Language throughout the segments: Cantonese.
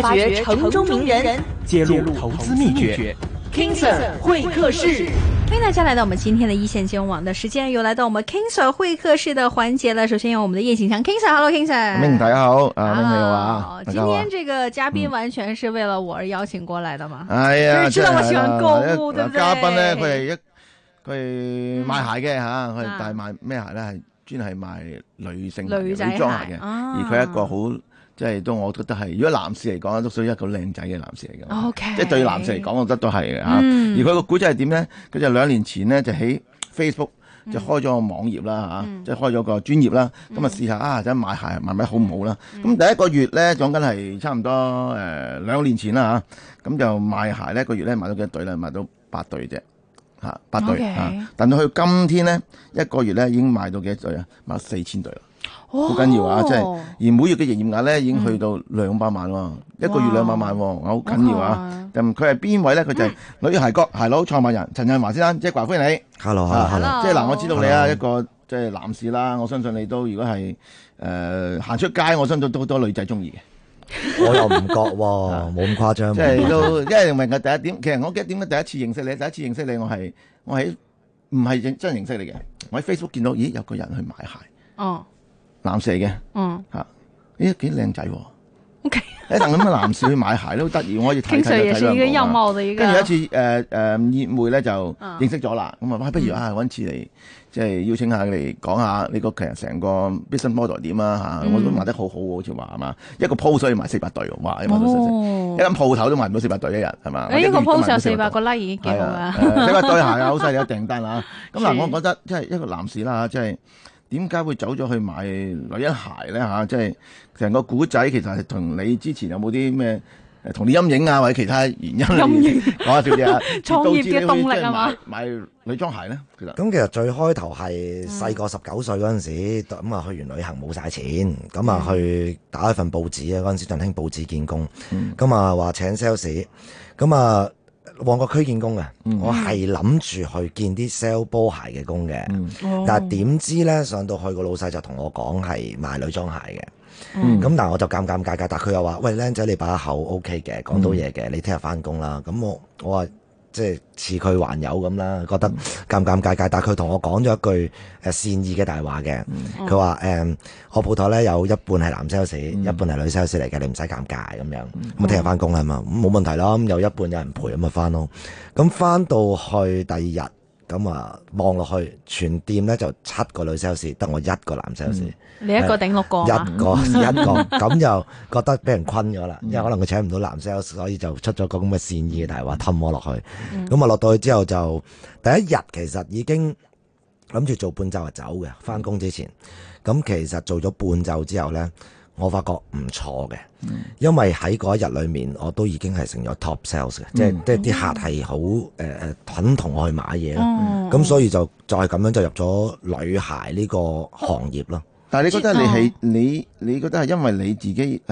發掘城中名人，揭露投資秘訣。King Sir 會客室，歡迎大家來到我們今天的一線金融網的時間，又來到我們 King Sir 會客室的環節了。首先有我們的葉景強，King Sir，Hello，King Sir。大 King 家好，好啊，啊，兄弟話，今天這個嘉賓完全是為了我而邀請過來的嘛，嗯？哎呀，知道我喜歡購物，啊就是是啊，對不對，啊？嘉賓呢，佢係一佢係賣鞋嘅吓，佢、嗯、大賣咩、啊、鞋呢？係專係賣女性女裝鞋嘅、啊，而佢一個好。即係都，我覺得係。如果男士嚟講，都屬於一個靚仔嘅男士嚟嘅。Okay. 即係對男士嚟講，我覺得都係嘅嚇。而佢個故事係點咧？佢就兩年前咧，就喺 Facebook 就開咗個網頁啦嚇，啊 mm. 即係開咗個專業啦。咁、mm. 啊試下啊，真係買鞋買得好唔好啦？咁、mm. 第一個月咧，講緊係差唔多誒、呃、兩年前啦嚇。咁、啊、就賣鞋個月呢買鞋咧、啊 okay. 啊，一個月咧買到幾多對咧？買到八對啫嚇，八對嚇。但到去今天咧，一個月咧已經賣到幾多對啊？賣四千對啦。好緊要啊！哦、即係，而每月嘅營業額咧，已經去到兩百萬喎、啊嗯，一個月兩百萬、啊，好緊要啊！咁佢係邊位咧？佢就係女鞋哥，鞋佬創辦人陳振華先生，Hello, Hello, Hello, Hello, 即係歡迎你。Hello，hello，hello！即係嗱，我知道你啊，Hello. 一個即係男士啦。我相信你都如果係誒行出街，我相信都好多女仔中意嘅。我又唔覺喎、啊，冇咁誇張。 即係都，因為明嘅第一點，其實我記得點解第一次認識你，第一次認識你我，我係我喺唔係真認識你嘅，我喺 Facebook 見到，咦有個人去買鞋。哦。男士嘅？嗯，吓，咦，幾靚仔喎！O K，一陣咁嘅男士去買鞋都得意、啊，我要睇近就睇兩個。一有一次誒誒，宴會咧就認識咗啦，咁啊,啊，不如啊，搵次嚟，即係邀請下佢嚟講下呢、這個其實成個 business model 點啊吓、嗯，我都賣得好好、啊、喎，好似話係嘛，一個鋪所以賣四百對，哇，哇四四哦、一間鋪頭都賣唔到四百對一日係嘛？你一個鋪上四百個啦，個已 k e 幾好啊？四百對鞋啊，好犀利，有訂單啦。咁嗱，我覺得即係一個男士啦，即係。點解會走咗去買女人鞋咧吓？即係成個古仔，其實係同你之前有冇啲咩誒同啲陰影啊，或者其他原因？陰影。講下點解？創業嘅動力啊嘛。買女裝鞋咧，其實咁其實最開頭係細個十九歲嗰陣時，咁、嗯、啊去完旅行冇晒錢，咁啊去打一份報紙啊，嗰陣時就喺報紙見工，咁啊話請 sales，咁啊。旺角區見工嘅，我係諗住去見啲 sell 波鞋嘅工嘅，嗯，但係點知呢，上到去個老細就同我講係賣女裝鞋嘅，咁、嗯、但係我就尷尷尬尬，但佢又話：喂，靚仔，你把口 OK 嘅，講到嘢嘅，你聽日翻工啦。咁我我話。即係似佢還有咁啦，覺得尷尷尬尬，但係佢同我講咗一句誒善意嘅大話嘅，佢話誒我鋪頭咧有一半係男 sales，嗯、一半係女 sales 嚟嘅，你唔使尷尬咁樣。咁聽日翻工係嘛？咁、嗯、冇問題啦，咁有一半有人陪咁咪翻咯。咁翻到去第二日。咁啊，望落去全店咧就七個女 sales，得我一個男 sales、嗯。你一個頂六個啊？一個一個，咁 就覺得俾人昆咗啦，因為可能佢請唔到男 sales，所以就出咗個咁嘅善意嘅大話氹我落去。咁、嗯、啊，落到去之後就第一日其實已經諗住做半晝就走嘅，返工之前。咁其實做咗半晝之後咧。我發覺唔錯嘅，因為喺嗰一日裏面，我都已經係成咗 top sales 嘅、嗯，即係即係啲客係好誒誒，肯同、呃、我去買嘢咯。咁、嗯、所以就再咁、就係、樣就入咗女鞋呢個行業咯。但你覺得你係你你覺得係因為你自己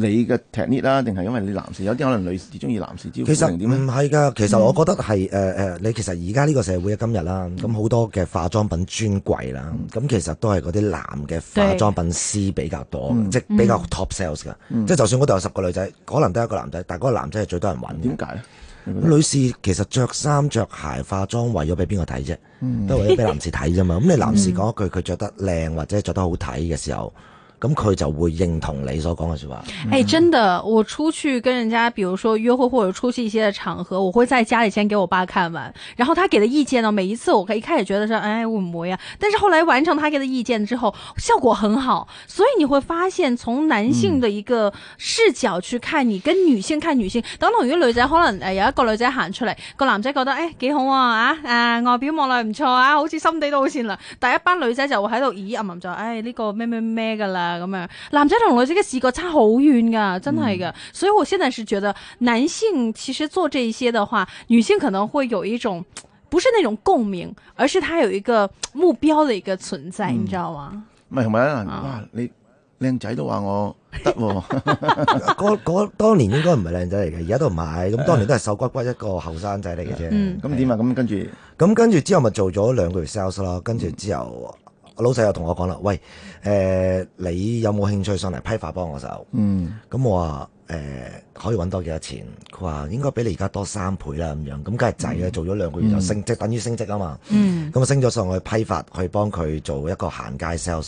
你嘅踢捏啦，定係因為你男士有啲可能女士中意男士招勵型？其實唔係㗎，其實我覺得係誒誒，你其實而家呢個社會嘅今日啦，咁好多嘅化妝品專櫃啦，咁、嗯、其實都係嗰啲男嘅化妝品師比較多，即比較 top sales 㗎。嗯、即就算嗰度有十個女仔，可能都係一個男仔，但係嗰個男仔係最多人搵。點解？女士其實着衫着鞋化妝為咗俾邊個睇啫？嗯、都為咗俾男士睇啫嘛。咁、 嗯、你男士講一句佢着得靚或者着得好睇嘅時候。咁佢就會認同你所講嘅説話。哎，真的，我出去跟人家，比如說約會或者出去一些嘅場合，我會在家裏先給我爸看完，然後他給的意見呢？每一次我一開始覺得說，哎 to，我唔啱，但是後來完成他給的意見之後，效果很好。所以你會發現，從男性的一個視角去看你，跟女性看女性，等同於女仔可能有一個女仔行出嚟，個男仔覺得，哎，幾好啊，啊外表望來唔錯啊，好似心地都好善良，但一班女仔就會喺度咦，阿文就哎，呢個咩咩咩㗎啦。咁樣男仔同女仔嘅視覺差好遠噶，真係噶，嗯、所以我現在是覺得男性其實做這一些嘅話，女性可能會有一種不是那種共鳴，而是他有一個目標的一個存在，嗯、你知道嗎？唔係同埋哇，你靚仔都話我得，嗰嗰當年應該唔係靚仔嚟嘅，而家都唔係，咁當年都係瘦骨骨一個後生仔嚟嘅啫，咁、嗯、點啊、嗯？咁、啊、跟住，咁跟住之後咪做咗兩個月 sales 咯，跟住之後。老細又同我講啦，喂，誒、呃，你有冇興趣上嚟批發幫我手？嗯，咁我話，誒、呃，可以搵多幾多錢？佢話應該比你而家多三倍啦，咁樣，咁梗係仔啦，做咗兩個月就升，職、嗯、即係等於升職啊嘛。嗯，咁啊升咗上去批發去幫佢做一個行街 sales，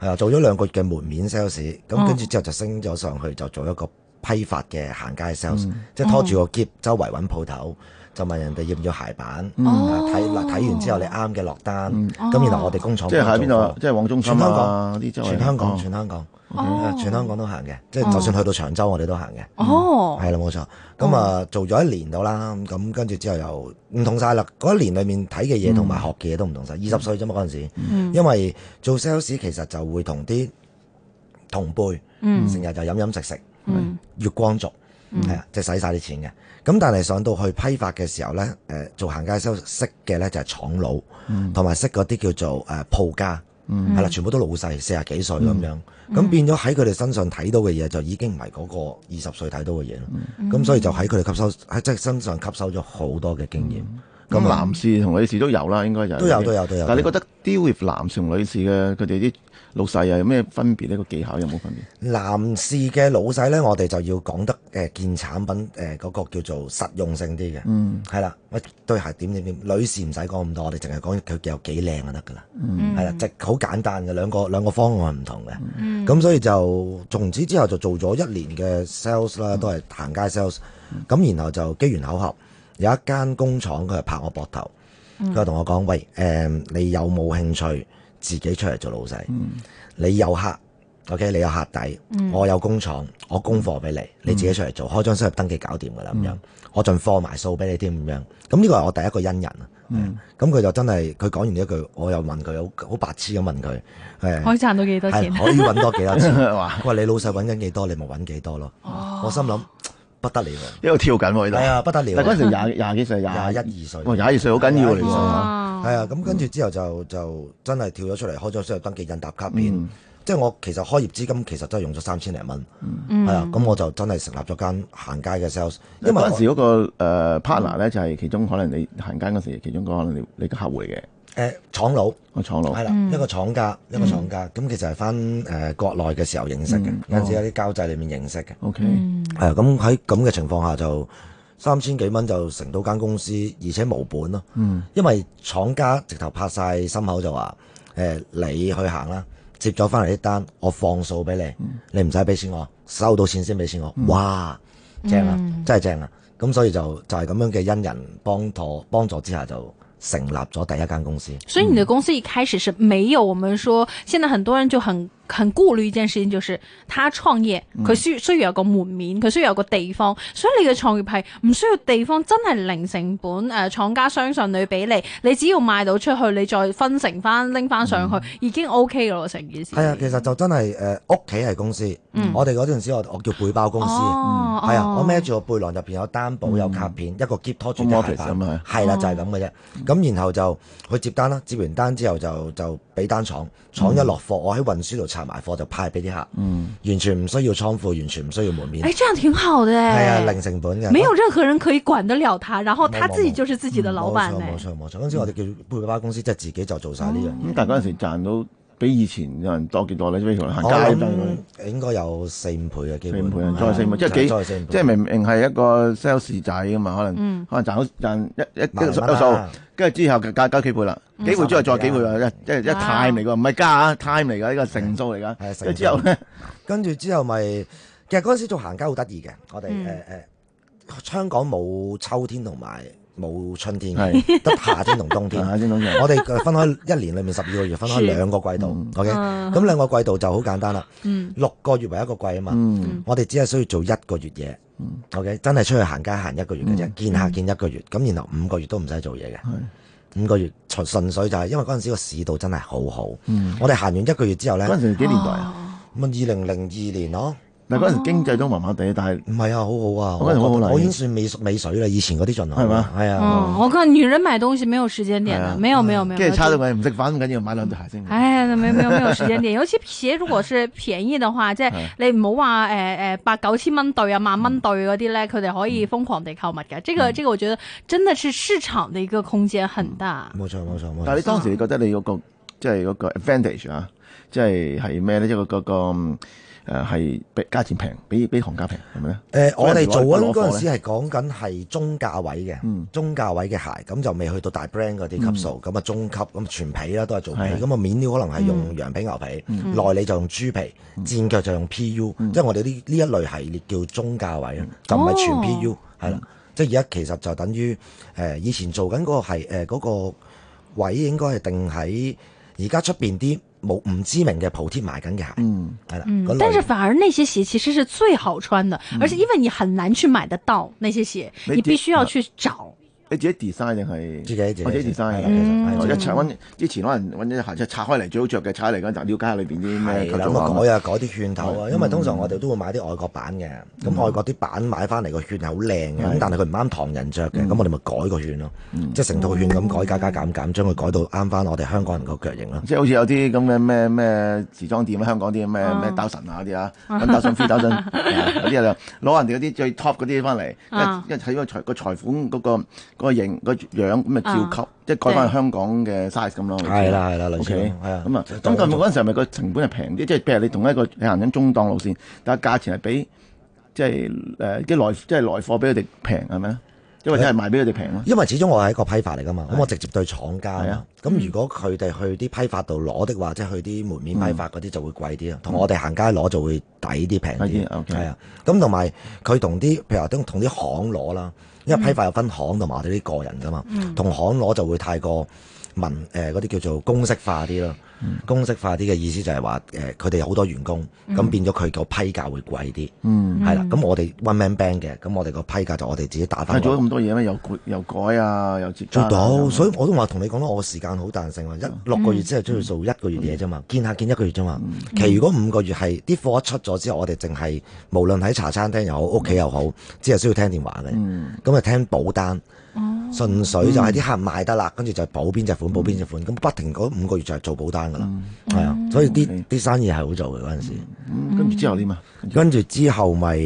係啊，做咗兩個月嘅門面 sales，咁跟住之後就升咗上去就做一個。批發嘅行街 sales，、嗯、即係拖住個箧、哦、周圍揾鋪頭，就問人哋要唔要鞋板，睇嗱睇完之後你啱嘅落單，咁、嗯哦、然後我哋工廠即係喺邊度？即係往、就是、中心啊！全香港，全香港,、哦全香港哦，全香港都行嘅、哦，即係就算去到長洲，我哋都行嘅。哦，係啦，冇錯。咁、哦、啊，做咗一年到啦，咁跟住之後又唔同晒啦。嗰一年裏面睇嘅嘢同埋學嘅嘢都唔同晒。二、嗯、十歲啫嘛嗰陣時、嗯，因為做 sales 其實就會同啲同輩，成、嗯、日就飲飲食食。月光族，係啊，即係使晒啲錢嘅。咁但係上到去批發嘅時候咧，誒，做行街收息嘅咧就係廠佬，同、嗯、埋識嗰啲叫做誒鋪、啊、家，係、嗯、啦，全部都老細，四十幾歲咁樣。咁、嗯、變咗喺佢哋身上睇到嘅嘢，就已經唔係嗰個二十歲睇到嘅嘢。咁所以就喺佢哋吸收，喺即係身上吸收咗好多嘅經驗。咁、嗯、男士同女士都有啦，應該、就是、有。都有都有都有。但係你覺得 deal with 男士同女士嘅佢哋啲他們老細又有咩分別呢？個技巧有冇分別？男士嘅老細呢，我哋就要講得誒，件、呃、產品誒，嗰、呃那個叫做實用性啲嘅。嗯，係、呃、啦，喂對鞋點點點？女士唔使講咁多，我哋淨係講佢有幾靚就得噶啦。嗯，係啦，即好簡單嘅，兩個兩個方案唔同嘅。嗯，咁所以就從此之後就做咗一年嘅 sales 啦，都係行街 sales、嗯。咁、嗯、然後就機緣巧合，有一間工廠佢係拍我膊頭，佢同我講，喂，誒、呃，你有冇興趣？自己出嚟做老細、嗯，你有客，OK？你有客底、嗯，我有工廠，我供貨俾你、嗯，你自己出嚟做，開張商業登記搞掂噶啦，咁、嗯、樣，我進貨埋數俾你添，咁樣，咁呢個係我第一個恩人，咁、嗯、佢就真係，佢講完呢一句，我又問佢好好白痴咁問佢，可以賺到幾多錢？可以搵多幾多錢？佢話， 你老細搵緊幾多，你咪搵幾多咯。我心諗。不得了，一路跳緊喎，而家係啊，不得了。但係嗰陣時廿廿幾歲，廿、嗯、一、二歲，廿二,二歲好緊要你喎。係啊，咁、嗯、跟住之後就就真係跳咗出嚟，開咗商戶登記、印打卡片。嗯、即係我其實開業資金其實都係用咗三千零蚊。係、嗯、啊，咁、嗯、我就真係成立咗間行街嘅 sales、嗯。因為嗰陣時嗰個 partner 咧，就係、是、其中可能你行街嗰時，其中個可能你你嘅客戶嚟嘅。誒、嗯、廠佬，廠佬係啦，一個廠家，一個廠家，咁、嗯、其實係翻誒國內嘅時候認識嘅、嗯哦，有陣時喺啲交際裏面認識嘅。O K，係啊，咁喺咁嘅情況下就三千幾蚊就成到間公司，而且冇本咯。嗯，因為廠家直頭拍晒心口就話、嗯、你去行啦，接咗翻嚟啲單，我放數俾你，嗯、你唔使俾錢我，收到錢先俾錢我、嗯。哇，正啊，嗯、真係正啊！咁所以就就係、是、咁樣嘅恩人幫託幫助之下就。成立咗第一間公司，所以你的公司一開始是沒有，我們說，現在很多人就很，很顧慮一件事，就是他創業，佢需需要有個門面，佢需要有個地方，嗯、所以你嘅創業係唔需要地方，真係零成本。誒、啊，廠家相信你俾你，你只要賣到出去，你再分成翻拎翻上去、嗯，已經 OK 嘅咯，成件事。係啊，其實就真係誒屋企係公司。我哋嗰陣時，我時我，我叫背包公司。係、哦嗯、啊，我孭住個背囊入邊有單簿、嗯、有卡片、嗯，一個接托住啲鞋板。係啦、啊，就係咁嘅啫。咁、嗯、然後就去接單啦，接完單之後就就。俾單，廠廠一落貨，我喺運輸度拆埋貨，就派俾啲客，完全唔需要倉庫，完全唔需要門面。哎、欸，這樣挺好的誒！係、嗯、啊，零成本嘅。沒有任何人可以管得了他，然後他自己就是自己的老闆。冇錯冇錯，嗰、嗯、陣、嗯、時我哋叫配貨公司，即係自己就做晒呢樣。咁但係嗰陣時賺到。比以前有人多幾多呢？行街，可、嗯、能應該有四五倍嘅基本，倍，再四五，即係幾，即係明明係一個 sales 仔㗎嘛？可能，嗯、可能賺好賺一一一個數，跟住之後加加幾倍啦、嗯，幾倍之後再幾倍，即、嗯、係、啊、一,一 time 嚟㗎，唔係加 time 嚟㗎，呢個成數嚟㗎。跟住之後咧，跟住之後咪、就係，其實嗰陣時做行街好得意嘅，我哋誒誒，香港冇秋天同埋。冇春天嘅，得 夏天同冬天。夏天冬天，我哋分開一年裏面十二個月，分開兩個季度。嗯、OK，咁、嗯、兩個季度就好簡單啦。嗯，六個月為一個季啊嘛。嗯，我哋只係需要做一個月嘢。嗯，OK，真係出去行街行一個月嘅啫、嗯，見客見一個月。咁、嗯、然後五個月都唔使做嘢嘅。五個月純粹就係、是，因為嗰陣時個市道真係好好。嗯，我哋行完一個月之後呢，嗰陣時幾年代啊？咁啊，二零零二年咯。嗱，嗰陣經濟都麻麻地，但係唔係啊，好好啊，我我我已經算未熟未水啦，以前嗰啲仲難。係嘛？係、哎、啊、嗯嗯。我覺得女人買東西沒有時間點的、啊，沒有沒有、嗯、沒有。即係差到鬼唔食飯咁緊要，買兩對鞋先。唉、哎，冇冇冇時間點，尤其鞋如果是便宜的話，即 係你唔好話誒誒八九千蚊對啊，萬蚊對嗰啲咧，佢哋、嗯、可以瘋狂地購物嘅。呢個呢個，這個、我覺得真的是市場的一個空間很大。冇錯冇錯，但你當時你覺得你嗰、那個即係嗰個 advantage 啊，即係係咩咧？即個嗰個。誒、呃、係比價錢平，比比行家平係咪咧？誒、呃，我哋做緊嗰陣時係講緊係中價位嘅、嗯，中價位嘅鞋，咁就未去到大 brand 嗰啲級數，咁、嗯、啊中級，咁全皮啦都係做皮，咁、嗯、啊面料可能係用羊皮牛皮、嗯，內裏就用豬皮，嗯、戰腳就用 PU、嗯、即係我哋呢呢一類系列叫中價位、嗯、就唔係全 PU 係、哦、啦。即係而家其實就等於誒、呃、以前做緊嗰個係嗰、呃那個、位應該係定喺而家出面啲。冇唔知名嘅鋪貼賣緊嘅鞋，嗯，係啦。嗯、但是反而那些鞋其實是最好穿的、嗯，而且因為你很難去買得到那些鞋，你必須要去找。你自己 design 定係，自己自己 design，我一齊揾之前可能揾啲鞋就拆開嚟最好着嘅拆嚟，咁就瞭解下裏邊啲。係，咁啊改啊改啲券頭啊，因為通常我哋都會買啲外國版嘅，咁、嗯嗯嗯嗯、外國啲版買翻嚟個券係好靚嘅，咁但係佢唔啱唐人着嘅，咁、嗯嗯、我哋咪改個券咯，即係成套券咁改，加加減減，將佢改到啱翻我哋香港人個腳型咯、嗯嗯。即係好似有啲咁嘅咩咩時裝店，香港啲咩咩兜神啊嗰啲啊，咁兜神飛神，嗰啲 啊攞人哋嗰啲最 top 嗰啲嘢翻嚟，一一睇個個財款嗰、嗰個。嗰個嗰個嗰個個型、個樣咁咪照級，啊，即係改翻係香港嘅 size 咁咯。係啦係啦，O K，係啊。咁啊，咁嗰陣時係咪個成本係平啲？即係譬如你同一個你行緊中檔路線，但係價錢係比即係誒啲來即係來貨俾佢哋平係咪？因為即係賣俾佢哋平咯。因為始終我係一個批發嚟㗎嘛，咁我直接對廠家。啊。咁如果佢哋去啲批發度攞的話，的即係去啲門面批發嗰啲就會貴啲啊，同、嗯、我哋行街攞就會抵啲平啲。O K，係啊，咁同埋佢同啲譬如話同啲行攞啦。因為批發有分行同埋啲個人㗎嘛，同、mm -hmm. 行攞就會太過文，誒嗰啲叫做公式化啲咯。嗯、公式化啲嘅意思就係話，誒，佢哋好多員工，咁變咗佢個批價會貴啲，係、嗯、啦。咁、嗯、我哋 one man band 嘅，咁我哋個批價就我哋自己打翻。做咗咁多嘢咩？又改又改啊，又接觸到、嗯，所以我都話同你講咯，我時間好彈性啊，一六個月之後都要做一個月嘢啫嘛，見客見一個月啫嘛、嗯嗯。其實如果五個月係啲貨一出咗之後，我哋淨係無論喺茶餐廳又好，屋企又好，只係需要聽電話嘅，咁、嗯、啊聽保單。純粹就係啲客賣得啦，跟、嗯、住就補邊隻款，補邊隻款，咁、嗯、不停嗰五個月就係做保單噶啦，係、嗯、啊、嗯，所以啲啲、okay. 生意係好做嘅嗰陣時。跟、嗯、住、嗯、之後點、就、啊、是？跟住之後咪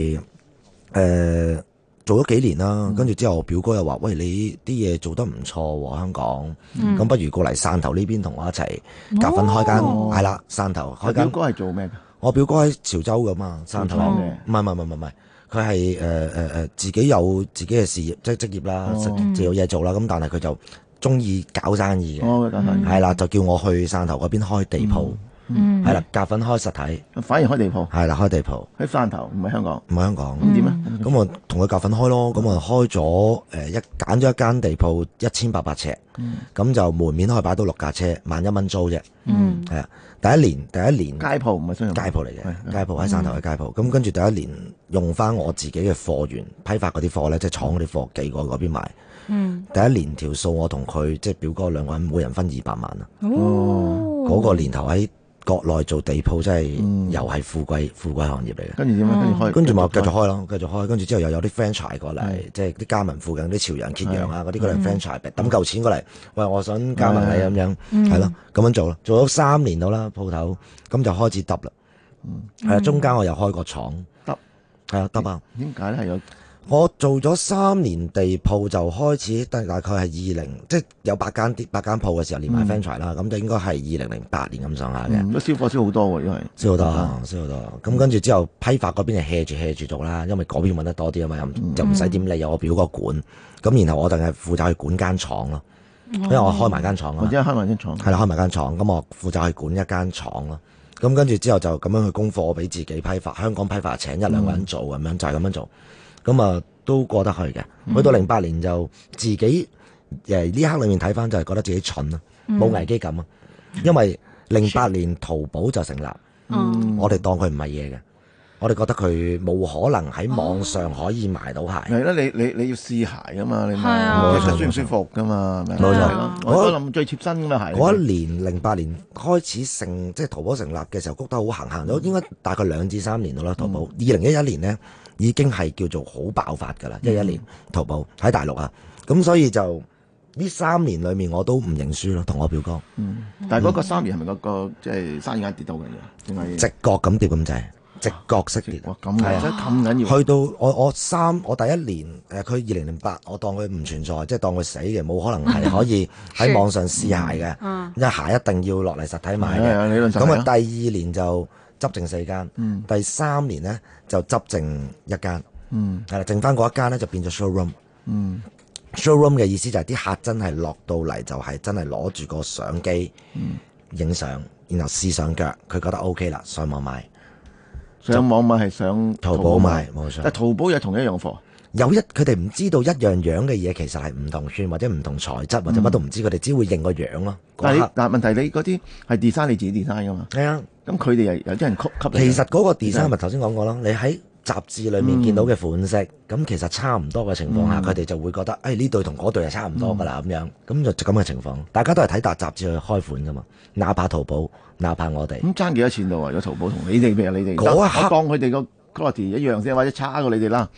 誒做咗幾年啦，跟、嗯、住之後我表哥又話：，喂，你啲嘢做得唔錯喎，香港，咁、嗯嗯、不如過嚟汕頭呢邊同我一齊夾份開間，係、哦、啦，汕頭開間。表哥係做咩？我表哥喺潮州㗎嘛，汕頭唔係唔係唔係唔係。佢係誒自己有自己嘅事業，即係職業啦，哦、自有就有嘢做啦。咁但係佢就中意搞生意嘅，係、哦、啦、嗯，就叫我去汕頭嗰邊開地鋪，係、嗯、啦，夾、嗯、份開實體，反而開地鋪，係啦，開地鋪喺汕頭，唔係香港，唔係香港，咁點啊？咁我同佢夾份開咯，咁、嗯、我開咗一揀咗一間地鋪一千八百尺，咁、嗯嗯、就門面可以擺到六架車，萬一蚊租啫，誒、嗯。第一年，第一年街鋪唔係商場街鋪嚟嘅，街鋪喺山頭嘅街鋪。咁、嗯、跟住第一年用翻我自己嘅貨源、嗯、批發嗰啲貨咧，即係廠嗰啲貨，寄過去嗰邊賣。第一年條數我同佢即係表哥兩個人，每人分二百萬啊。嗰、哦嗰個年頭喺。國內做地鋪真係、嗯、又係富貴富貴行業嚟嘅，跟住點樣跟住開,、嗯、開，跟住咪繼續開咯，繼續開,續開跟住之後又有啲 franchise 過嚟、嗯，即係啲加盟附近啲潮陽揭陽啊嗰啲，佢哋 franchis、嗯、e 抌嚿錢過嚟、嗯，喂，我想加盟你咁樣係咯，咁、嗯、樣做咯，做咗三年到啦，鋪頭咁就開始揼啦，係、嗯、啊，中間我又開個廠，揼係啊，揼啊，點解咧？有。我做咗三年地鋪就開始，但係大概係二零，即係有八間店，八間鋪嘅時候連埋 fancy 啦，咁就應該係二零零八年咁上下嘅。嗯，燒燒，都銷貨銷好多嘅，嗯嗯，因為銷好多，銷好多。咁跟住之後批發嗰邊係 hea 住 hea 住做啦，因為嗰邊揾得多啲啊嘛，又唔使點理，有我表哥管。咁然後我就係負責去管間廠咯，嗯，因為我開埋間廠咯，即係開埋間廠，係啦，開埋間廠。咁我負責去管一間廠咯。咁跟住之後就咁樣去供貨俾自己批發。香港批發請一兩個人做咁樣，嗯，就係咁樣做。咁啊，都過得去嘅。去到零八年就自己誒呢刻裏面睇翻，就係覺得自己蠢啊，冇危機感啊。因為零八年淘寶就成立，我哋當佢唔係嘢嘅，我哋覺得佢冇可能喺網上可以買到鞋。係啦，你你你要試鞋噶嘛，你舒唔舒服噶嘛？冇錯，我諗最貼身噶嘛鞋。嗰一年零八年開始成，即係淘寶成立嘅時候，谷得好行行咗，應該大概兩至三年度啦。淘寶二零一一年咧。已經係叫做好爆發㗎啦！一一年淘寶喺、嗯、大陸啊，咁所以就呢三年裏面我都唔認輸咯，同我表哥。嗯，嗯但係嗰個三年係咪嗰個即係、就是、生意間跌到嘅？直覺咁跌咁滯，直覺式跌。咁啊，咁緊要。去到我我三我第一年誒，佢二零零八，我當佢唔存在，即係當佢死嘅，冇可能係可以喺網上試鞋嘅。 嗯，因為鞋一定要落嚟實體買嘅。咁啊，第二年就。執剩四間，第三年呢就執剩一間，係啦，剩翻嗰一間呢就變咗 showroom。showroom 嘅意思就係啲客真係落到嚟就係真係攞住個相機影相，然後試上腳，佢覺得 OK 啦，上網買。上網買係上淘寶買，但係淘寶有同一樣貨。有一佢哋唔知道一樣樣嘅嘢，其實係唔同串或者唔同材質，或者乜都唔知，佢哋只會認個樣咯、嗯。但係，但問題你嗰啲係 design 你自己 design 噶嘛？係啊，咁佢哋又有啲人吸吸其實嗰個 design 咪頭先講過啦。你喺雜誌裡面見到嘅款式，咁、嗯、其實差唔多嘅情況下，佢、嗯、哋就會覺得誒呢、哎、對同嗰對係差唔多㗎啦，咁、嗯、樣咁就咁嘅情況。大家都係睇大雜誌去開款㗎嘛，哪怕淘寶，哪怕我哋咁差幾多錢度啊？如果淘寶同你哋咩啊？你哋嗰一刻我當佢哋個 quality 一樣先，或者差過你哋啦。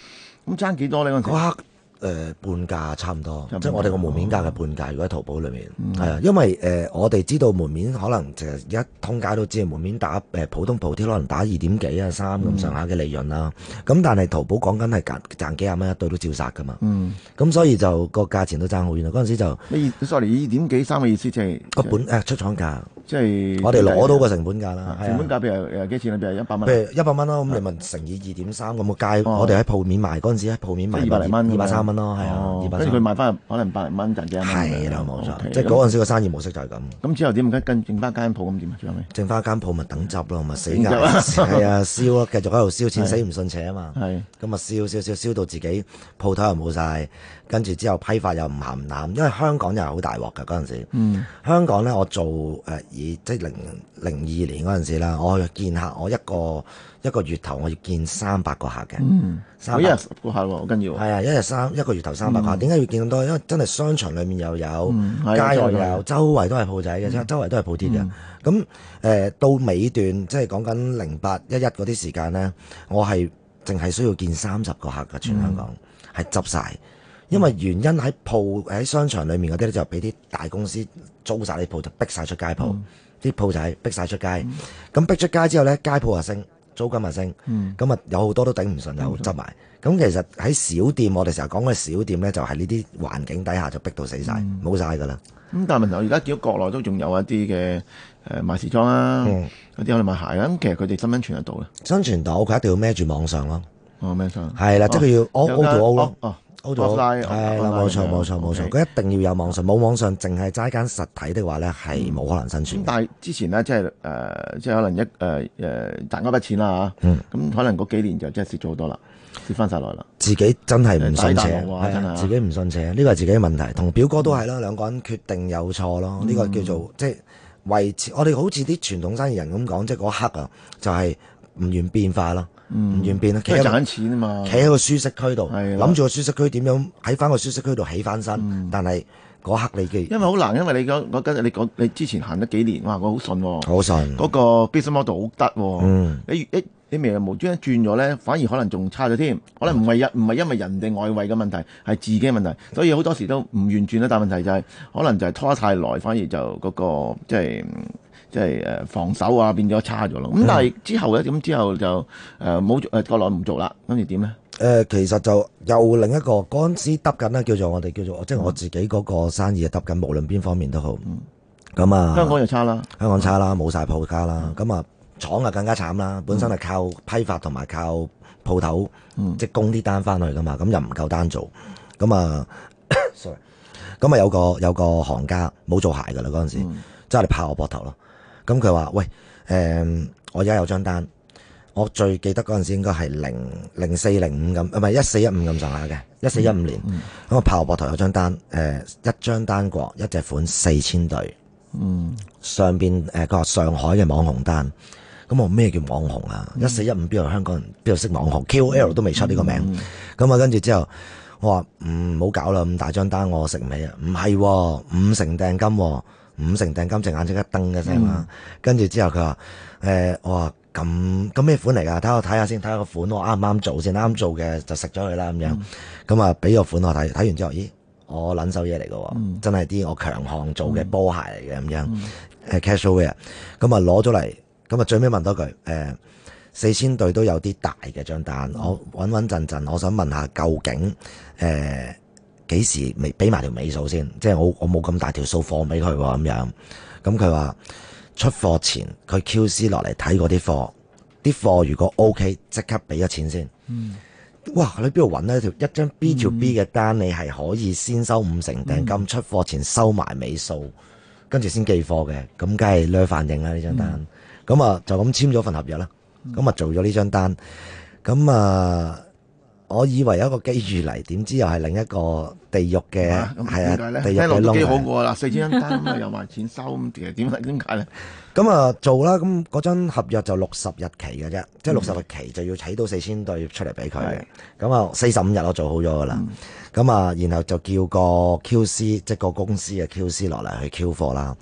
咁爭幾多咧？嗰刻、呃、半價差唔多，多即係我哋個門面價嘅半價。如果喺淘寶裏面，係、嗯、啊，因為誒、呃、我哋知道門面可能其實一通街都知，門面打誒、呃、普通鋪啲可能打二點幾啊三咁上下嘅利潤啦。咁、嗯、但係淘寶講緊係賺賺幾廿蚊一對都照殺㗎嘛。咁、嗯、所以就個價錢都爭好遠啊！嗰陣時就，二 sorry，二點幾三嘅意思即係個本誒、呃、出廠價。即係我哋攞到個成本價啦、啊，成本價譬如誒幾錢譬如一百蚊，譬如一百蚊咯。咁你問乘以二點三，咁個價我哋喺鋪面，面、哦哦哦、賣嗰陣時喺鋪面賣二百零蚊、二百三蚊咯，係啊。跟住佢賣翻可能百零蚊，甚至一蚊。係啦，冇錯。即係嗰陣時個生意模式就係咁。咁之後點解跟剩翻間鋪咁點啊？剩翻間鋪咪等執咯，咪死捱，係啊，燒啊， 繼續喺度燒錢，死唔信邪啊嘛。咁啊、嗯，燒燒燒燒到自己鋪頭又冇晒。跟住之後批發又唔鹹唔淡，因為香港又係好大鑊㗎嗰陣時。嗯、香港咧，我做誒。呃以即零零二年嗰陣時啦，我去見客，我一個一個月頭我要見三百個客嘅，嗯，一日，十個客喎，好緊要。係啊，一日三一個月頭三百個客，點、嗯、解要見咁多？因為真係商場裡面又有、嗯，街又有，周圍都係鋪仔嘅，周圍都係鋪啲嘅。咁、嗯、誒、嗯嗯嗯呃、到尾段，即係講緊零八一一嗰啲時間咧，我係淨係需要見三十個客嘅，全香港係執晒，因為原因喺鋪喺商場裡面嗰啲咧就俾啲大公司。租晒啲鋪就逼晒出街鋪，啲鋪仔逼晒出街。咁逼出街之後咧，街鋪啊升，租金啊升。咁啊有好多都頂唔順就執埋。咁其實喺小店，我哋成日講嘅小店咧，就係呢啲環境底下就逼到死晒，冇晒㗎啦。咁但係問題而家如果國內都仲有一啲嘅誒賣時裝啊，嗰啲我哋賣鞋啦，咁其實佢哋生唔生存得到嘅？生存到佢一定要孭住網上咯。哦，孭上。係啦，即係佢要 O O to 好左，係啦，冇錯冇錯冇錯，佢、okay, 一定要有網上，冇網上淨係齋間實體的話咧，係冇可能生存，嗯。但係之前咧，即係誒、呃，即係可能一誒誒賺嗰筆錢啦吓，咁、呃嗯、可能嗰幾年就真係蝕咗好多啦，蝕翻晒落嚟啦。自己真係唔信邪，啊、真係，自己唔信邪，呢個係自己嘅問題，同表哥都係啦，兩個人決定有錯咯，呢、這個叫做即係維持。我哋好似啲傳統生意人咁講，即係嗰刻啊，就係唔願變化咯。唔願變啦，企喺個舒適區度，諗住個舒適區點樣喺翻個舒適區度起翻身，但係嗰刻你記，因為好、嗯、難，因為你講我今你講你之前行咗幾年，哇，我好順，好順，嗰、嗯，那個 business model 好得、嗯，你一你未有無端一轉咗咧，反而可能仲差咗添，可能唔係唔係因為人哋外圍嘅問題，係自己嘅問題，所以好多時都唔願轉啦。但問題就係、是、可能就係拖太耐，反而就嗰、那個即係。就是即係誒防守啊，變咗差咗咯。咁但係之後咧，咁之後就誒冇誒國內唔做啦。跟住點咧？誒、呃、其實就又另一個嗰陣時揼緊啦，叫做我哋叫做即係我自己嗰個生意啊揼緊，無論邊方面都好。咁、嗯、啊，香港就差啦、嗯，香港差啦，冇晒鋪家啦。咁、嗯、啊，廠啊更加慘啦。本身係靠批發同埋靠鋪頭即供啲單翻去噶嘛，咁又唔夠單做。咁啊，sorry。咁、嗯、啊 有個有個行家冇做鞋噶啦嗰陣時，即係你拍我膊頭咯。咁佢話：，喂，誒、呃，我而家有張單，我最記得嗰陣時應該係零零四零五咁，唔係一四一五咁上下嘅，一四一五年。咁、嗯嗯、我拍下膊頭有張單，誒、呃，一張單過一隻款四千對，嗯，上邊誒，佢、呃、話上海嘅網紅單，咁我咩叫網紅啊？一四一五，邊度香港人邊度識網紅 KOL 都未出呢個名，咁啊跟住之後我，我話唔好搞啦，咁大張單我食唔起啊，唔係，五成訂金，啊。五成定金，隻眼睛一瞪嘅聲啦。跟住之後佢話：，誒、呃，我話咁咁咩款嚟噶？睇我睇下先，睇下個款我啱唔啱做先，啱做嘅就食咗佢啦。咁、嗯、樣，咁啊俾個款我睇，睇完之後，咦，我撚手嘢嚟喎，真係啲我強項做嘅波鞋嚟嘅，咁、嗯、樣 casual wear 咁啊攞咗嚟，咁、嗯、啊最尾問多句，四、呃、千對都有啲大嘅張單，我穩穩陣陣，我想問下究竟、呃幾時未俾埋條尾數先？即係我我冇咁大條數貨俾佢喎，咁樣咁佢話出貨前佢 QC 落嚟睇嗰啲貨，啲貨如果 OK 即刻俾咗錢先。嗯哇，哇你邊度揾呢？條一張 B2B 嘅單，你係可以先收五成定金，嗯、出貨前收埋尾數，跟住先寄貨嘅，咁梗係略反應啦呢張單。咁、嗯、啊就咁簽咗份合約啦，咁、嗯、啊，做咗呢張單。咁啊。我以為有一個機遇嚟，點知又係另一個地獄嘅，係啊，那個、啊，地獄好過啦，啊，四千張單咁啊， 又埋錢收咁，其實點解咧？咁啊，做啦，咁嗰張合約就六十日期嘅啫，即係六十日期就要睇到四千對出嚟俾佢。咁啊，四十五日我做好咗噶啦。咁、嗯、啊，然後就叫個 QC，即係個公司嘅 QC 落嚟去 QC 貨啦。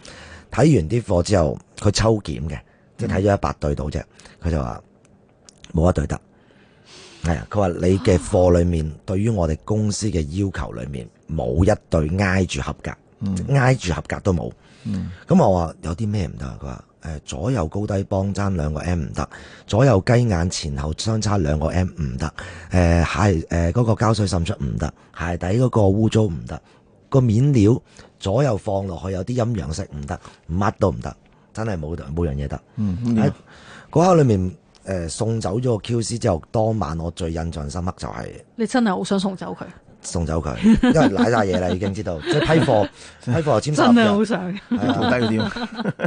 睇完啲貨之後，佢抽檢嘅，即係睇咗一百對到啫，佢、嗯、就話冇一對得。係啊，佢話你嘅貨裏面對於我哋公司嘅要求裏面冇一對挨住合格，嗯、挨住合格都冇。咁、嗯、我話有啲咩唔得？佢話誒，左右高低幫爭兩個 M 唔得，左右雞眼前後相差兩個 M 唔得，誒鞋誒嗰個膠水滲出唔得，鞋底嗰個污糟唔得，個面料左右放落去有啲陰陽色唔得，乜都唔得，真係冇度冇樣嘢得。嗯，嗰、嗯、盒裏面。誒、呃，送走咗個 QC 之後，當晚我最印象深刻就係、是，你真係好想送走佢，送走佢，因為瀨晒嘢啦，你已經知道， 即係批貨貨， 批貨又簽合約，真好想，低佢啲。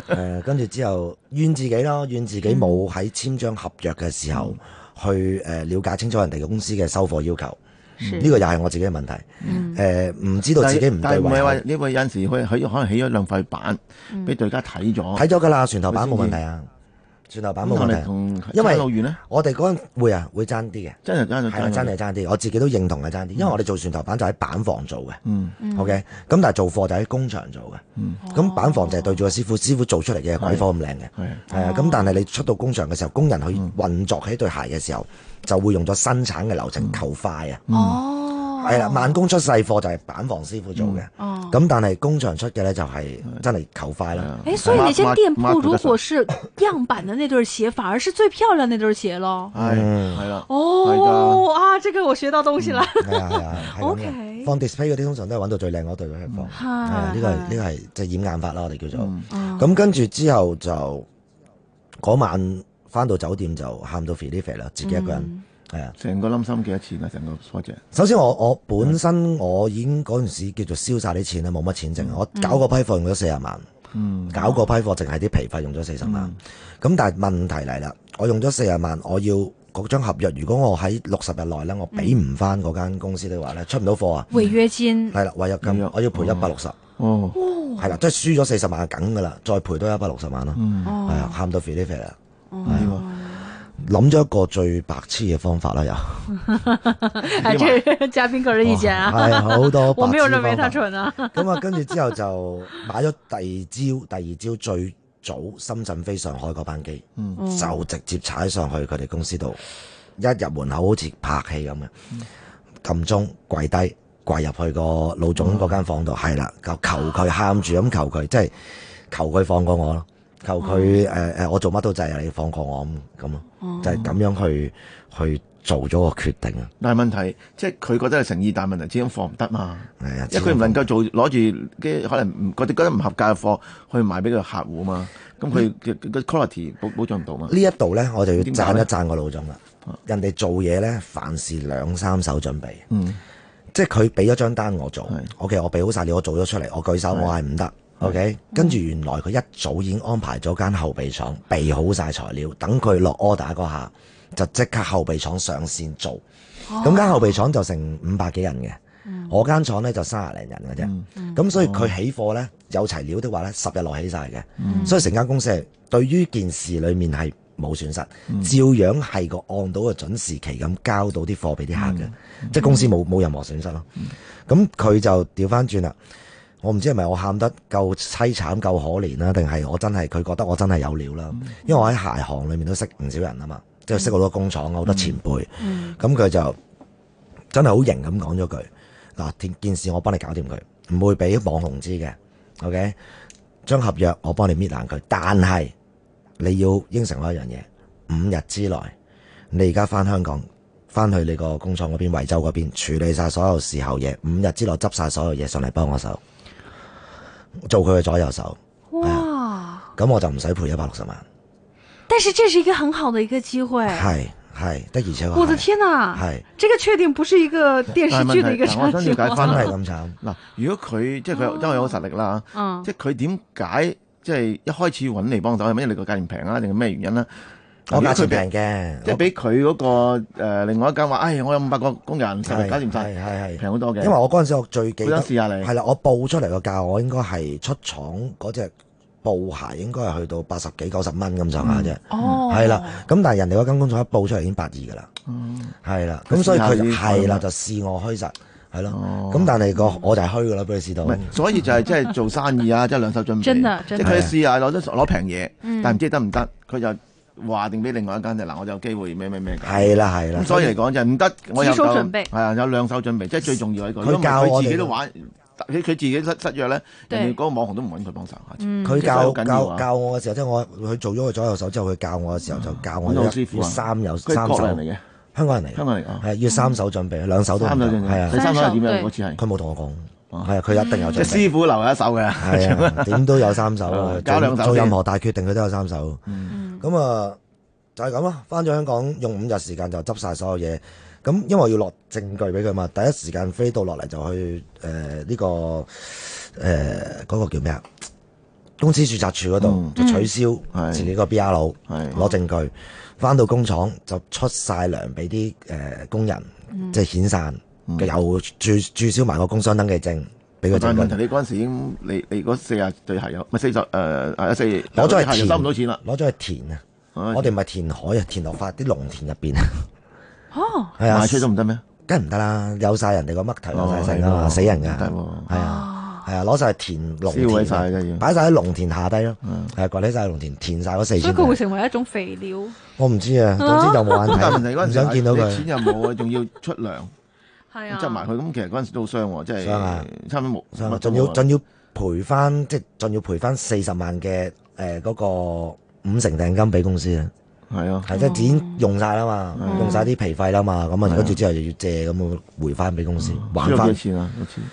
誒，跟住之後怨自己咯，怨自己冇喺簽張合約嘅時候、嗯、去誒了解清楚人哋公司嘅收貨要求，呢、嗯這個又係我自己嘅問題。誒、嗯，唔、呃、知道自己唔低唔係話呢個有陣時佢可能起咗兩塊板俾對家睇咗，睇咗噶啦，船頭板冇問題啊。船頭版冇問題，因為老我哋嗰陣會啊，會爭啲嘅，真係爭係爭係爭啲，我自己都認同嘅爭啲。因為我哋做船頭版就喺板房做嘅，嗯，OK。咁但係做貨就喺工場做嘅，咁、嗯嗯、板房就係對住個師傅，師傅做出嚟嘅鬼貨咁靚嘅，係啊。咁但係你出到工場嘅時候，工人去運作喺對鞋嘅時候，就會用咗生產嘅流程求快啊。哦。係啦，慢工出細貨就係板房師傅做嘅。哦、嗯、咁、啊、但係工場出嘅咧就係真係求快啦。誒、嗯啊欸，所以你先店鋪如果是樣板的那對鞋，啊、反而是最漂亮那對鞋咯。係、哎、啦、嗯。哦，啊，即、這個我學到東西啦、嗯。 OK。放 display 嗰啲通常都係揾到最靚嗰對去放。係、嗯嗯、啊，呢、這個係呢、這個係即係掩眼法啦，我哋叫做。咁、啊嗯、跟住之後就嗰晚翻到酒店就喊到 fit 啲 f 啦，自己一個人。係啊，成個冧心幾多錢啊？成個 project。首先我我本身我已經嗰陣時叫做燒晒啲錢啊冇乜錢剩、嗯。我搞個批貨用咗四十萬、嗯，搞個批貨淨係啲皮費用咗四十萬。咁、嗯、但係問題嚟啦，我用咗四十萬，我要嗰張合約，如果我喺六十日內咧，我俾唔翻嗰間公司的話咧，出唔到貨啊？違、嗯、約金係啦，違約咁樣我要賠一百六十，哦，係啦、啊，即係輸咗四十萬梗噶啦，再賠多一百六十萬咯，係、嗯哦哎哦、啊，喊到飛諗咗一個最白痴嘅方法啦，又 怎樣，係，即係嘉賓個人意見啊，係、哦、好多， 我沒有認為他蠢啊。咁啊，跟住之後就買咗第二朝，第二朝最早深圳飛上海嗰班機，嗯，就直接踩上去佢哋公司度、嗯，一入門口好似拍戲咁樣，撳、嗯、鐘跪低，跪入去個老總嗰間房度，係啦，就求佢喊住咁求佢，即係求佢放過我咯。求佢誒、嗯呃、我做乜都就係你放過我咁咁、嗯，就係、是、咁樣去去做咗個決定啊！但係問題即係佢覺得係誠意，但問題始終貨唔得嘛，哎、呀得因為佢唔能夠做攞住可能唔覺得得唔合格嘅貨去賣俾個客戶嘛，咁佢個 quality 保保障唔到嘛。呢一度咧我就要讚一讚個老總啦，人哋做嘢咧凡事兩三手準備，嗯、即係佢俾咗張單我做，OK，我俾好晒你，我做咗出嚟，我舉手我係唔得。OK，跟、mm、住 -hmm. 原來佢一早已經安排咗間後備廠，備好晒材料，等佢落 order 嗰下，就即刻後備廠上線做。咁、oh. 間後備廠就成五百幾人嘅，mm -hmm. 我間廠咧就三廿零人嘅啫。咁、mm -hmm. 所以佢起貨咧有齊料嘅話咧，十日內起晒嘅。Mm -hmm. 所以成間公司係對於件事裏面係冇損失，mm -hmm. 照樣係個按到嘅準時期咁交到啲貨俾啲客嘅，mm -hmm. 即係公司冇冇任何損失咯。咁、mm、佢 -hmm. 就調翻轉啦。我唔知係咪我喊得夠淒慘、夠可憐啦，定係我真係佢覺得我真係有料啦。因為我喺鞋行裏面都識唔少人啊嘛，即係識好多工廠、好多前輩。咁、嗯、佢就真係好型咁講咗句：嗱，件事我幫你搞掂佢，唔會俾網紅知嘅。OK，將合約我幫你搣爛佢，但係你要應承我一樣嘢：五日之內，你而家翻香港，翻去你個工廠嗰邊、惠州嗰邊處理晒所有時候嘢。五日之內執晒所有嘢上嚟幫我手。做佢嘅左右手，哇！咁、嗯、我就唔使賠一百六十萬。但是這是一個很好的一個機會。係係，得而且。我的天啊！係，這個確定不是一個電視劇的一個我想了解翻係咁樣。嗱， 如果佢即係佢因係有， 有實力啦， 即係佢點解即係一開始揾你幫手，係咪因為你個價錢平啊，定係咩原因呢、啊？我價錢平嘅，即係俾佢嗰個、呃、另外一間話，唉、哎，我有五百個工人，十年搞掂曬，係係平好多嘅。因為我嗰陣時我最記得試下你，係啦，我報出嚟個價，我應該係出廠嗰隻布鞋應該係去到八十幾九十蚊咁上下啫。哦，係、嗯、啦，咁、嗯嗯、但係人哋嗰間工廠一報出嚟已經百二㗎啦。哦、嗯，係啦，咁、嗯、所以佢係啦就試我虛實，係咯。咁、嗯、但係、那個、嗯、我就係虛㗎啦，俾你試到。所以就係即係做生意啊，即 係兩手準備。真即係佢試下攞啲攞平嘢，但唔知得唔得，佢、嗯、就。話定俾另外一間嘅嗱，我就有機會咩咩咩。係啦係啦，咁所以嚟講就唔得，我有兩手準備。係啊，有兩手準備，即係最重要呢個。佢教我，佢自己都玩，佢佢自己失失約咧，嗰個網紅都唔揾佢幫手。嗯，佢教教教我嘅時候，即係我佢做咗佢左右手之後，佢教我嘅時候就教我。師傅啊，三手三手嚟嘅，香港人嚟，香港嚟啊，係要三手準備，兩手都唔夠，係啊。第三手點樣？好似係佢冇同我講，係佢一定有。即係師傅留一手嘅，點都有三手啊！做任何大決定，佢都有三手。咁、嗯、啊，就係咁咯。翻咗香港用五日時間就執晒所有嘢。咁因為要落證據俾佢嘛，第一時間飛到落嚟就去誒呢、呃這個誒嗰、呃那個叫咩啊？公司註冊處嗰度就取消自己個 BR，攞證據。翻到工廠就出晒糧俾啲誒工人，即、嗯、係、就是、遣散。嗯、又註註銷埋個工商登記證。但問題，你嗰陣時已經你你嗰四啊對鞋有，咪四十誒、呃、四十，攞咗去收唔到錢啦，攞咗去填啊！我哋咪填海啊，填落發啲農田入邊啊！哦，係啊，賣車都唔得咩？梗係唔得啦，有晒人哋個乜頭，有晒死人噶，係啊係啊，攞晒去填農田，消毀晒擺晒喺農田下低咯，係割啲晒農田，填晒嗰四，所以佢會成為一種肥料。我唔知啊，總之就冇問題。唔、啊、 想見到佢，錢又冇，仲要出糧。 執埋佢咁，其實嗰陣時都好傷喎，即、就、係、是、傷啊，差唔多冇傷仲、啊、要仲要賠翻，即係仲要賠翻四十萬嘅誒嗰個五成訂金俾公司啊，係啊，係即係錢用晒啦嘛，用晒啲皮費啦嘛，咁啊跟住之後又要借咁啊回翻俾公司，還翻。要幾錢啊？六千。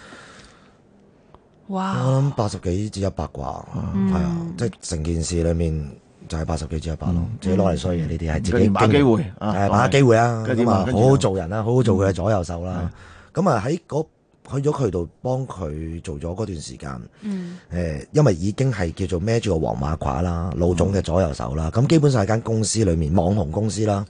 哇！我諗八十幾至一百啩，係、嗯、啊，嗯、即係成件事裡面。就係八十幾至一百咯，自己攞嚟衰嘅呢啲係自己掙、嗯、機會，把、啊、握、就是、機會啦、啊。咁啊，好好做人、嗯啊嗯嗯、啦，好好做佢嘅左右手啦。咁啊喺嗰去咗佢度幫佢做咗嗰段時間，誒、因為已經係叫做孭住個黃馬褂啦，老總嘅左右手啦。咁基本上係間公司裏面、嗯、網紅公司啦，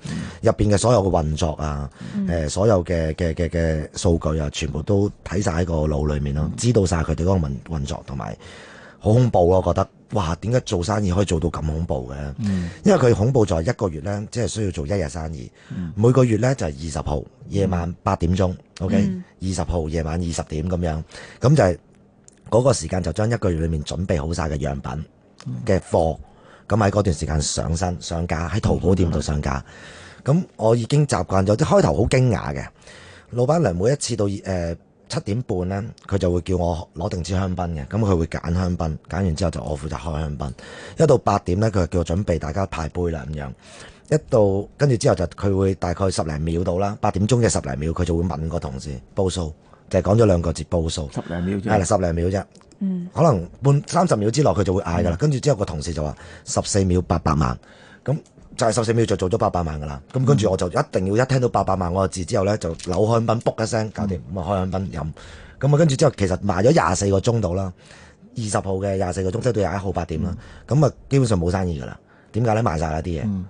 入、嗯、邊嘅所有嘅運作啊，嗯、所有嘅嘅嘅嘅數據啊，全部都睇晒喺個腦裏面咯、嗯，知道晒佢哋嗰個運運作同埋。好恐怖啊！我覺得哇，點解做生意可以做到咁恐怖嘅、嗯？因為佢恐怖在一個月呢，即係需要做一日生意、嗯，每個月呢，就係二十號夜晚八點鐘，OK，二十號夜晚二十點咁樣，咁就係嗰個時間就將一個月裏面準備好晒嘅樣品嘅貨，咁喺嗰段時間上新上架喺淘寶店度上架。咁、嗯、我已經習慣咗，啲開頭好驚訝嘅，老闆娘每一次到誒。呃七點半呢，佢就會叫我攞定支香檳嘅，咁佢會揀香檳，揀完之後就我負責開香檳。一到八點呢，佢就叫我準備大家排杯啦咁樣。一到跟住之後就佢會大概十零秒到啦，八點鐘嘅十零秒佢就會問個同事報數，就係講咗兩個字報數，十零秒啫。係啦，十零秒啫。嗯，可能半三十秒之內佢就會嗌噶啦，跟住之後個同事就話十四秒八百萬咁。就係十四秒就做咗八百萬噶啦，咁跟住我就一定要一聽到八百萬個字之後咧，就扭開香檳，卜一聲搞掂，咁啊開香檳飲，咁啊跟住之後其實賣咗廿四個鐘度啦，二十號嘅廿四個鐘即係到廿一號八點啦，咁、嗯、啊基本上冇生意噶啦，點解咧？賣晒啦啲嘢，